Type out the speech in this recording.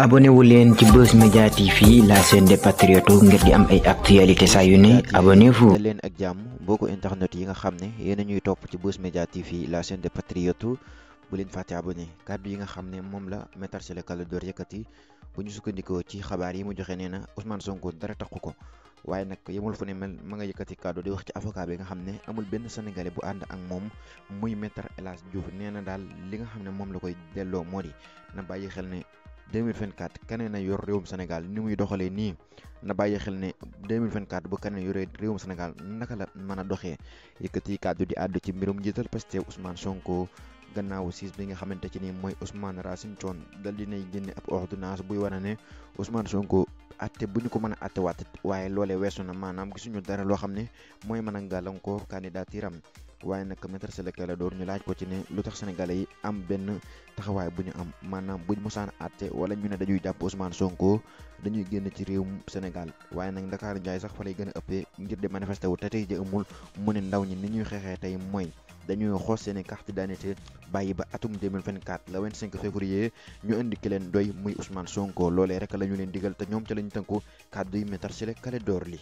abonné wu leen ci Buzz Media TV la chaîne des patriotes ngir di am ay actualité saa yu ne abonné fu leen ak jàmm boo ko internet yi nga xam ne yéen a ñuy topp ci Buzz Media TV la chaîne des patriotes bu leen fàtte abonné kàddu yi nga xam ne moom la Maître Ciré Clédor yëkkati bu ñu sukkandikoo ci xabaar yi mu joxe nee na Ousmane Sonko dara taxu ko waaye nag yemul fu ne mel ma nga yëkkati kàddu di wax ci avocat bi nga xam ne amul benn sénégalais bu ànd ak moom muy Maître El Hadji Diouf nee na daal li nga xam ne moom la koy delloo moo di na bàyyi xel ne 2024 Kane na yor réewum Sénégal ni muy doxalee nii na bàyyi xel ne 2024 bu Kane yoree réewum Sénégal naka la mën a doxee yëkkati kàddu di àddu ci mbirum njiital Pastef Ousmane Sonko gannaaw siis bi nga xamante ci ni mooy Ousmane Racine Thion dal dinay génne ab ordonnance buy wane ne Ousmane Sonko atte bu ñu ko mën a attewaat waaye loolee weesu na maanaam gisuñu dara loo xam ne mooy mën a gàllankoor candidature waaye nag maître Ciré Clédor ñu laaj ko ci ne lu tax sénégalais yi am benn taxawaay bu ñu am maanaam buñ mosaan àtte wala ñu ne dañuy jàpp Ousmane Sonko dañuy génn ci réewum Sénégal waaye nag Dakar Ndiaye sax fa lay gën a ëppee ngir di manifester wu te tey ji amul mu ne ndaw ñi ni ñuy xeexee tey mooy dañuy xoos seeni carte d'identité bàyyi ba atum 2024 le 25 février ñu indi ki leen doy muy Ousmane Sonko loole rek la ñu leen digal te ñoom ca la ñu tënku kàddu yi maître Ciré Clédor li